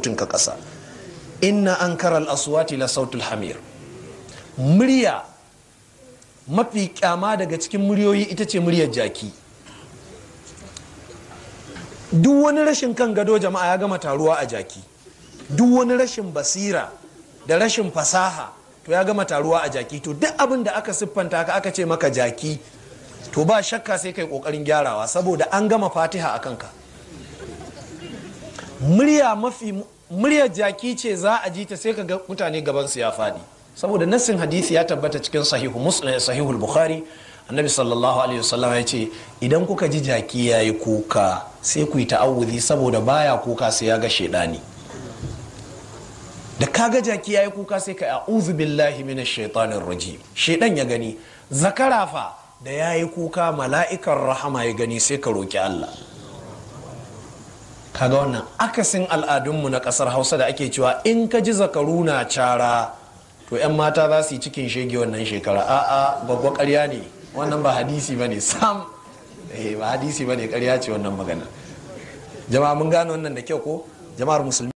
sautin ka ƙasa inna an karal aswati la sautul hamir murya mafi kyama daga cikin muryoyi ita ce muryar jaki duk wani rashin kan gado jama'a ya gama taruwa a jaki duk wani rashin basira da rashin fasaha to ya gama taruwa a jaki to duk abin da aka siffanta ka aka ce maka jaki to ba shakka sai kai kokarin gyarawa saboda an gama fatiha a kanka murya mafi murya jaki ce za a ji ta sai ka ga mutane gaban su ya faɗi saboda nassin hadisi ya tabbata cikin sahihu muslim eh, sahihul bukhari annabi sallallahu alaihi wasallam ya ce idan kuka ji jaki ya kuka sai ku yi ta'awuzi saboda baya kuka sai ya ga shedani da ka ga jaki yayi kuka sai ka a'udhu billahi minash shaitanir rajim shedan ya gani zakara fa da yayi kuka mala'ikan rahama ya gani sai ka roki Allah kaga wannan akasin al'adunmu na kasar hausa da ake cewa in ka ji zakaru na cara to 'yan mata za su yi cikin shege wannan shekara a'a babba karya ne wannan ba hadisi ba ne sam eh, ba hadisi ba ne karya ce wannan magana jama'a mun gane wannan da kyau ko jama'ar musulmi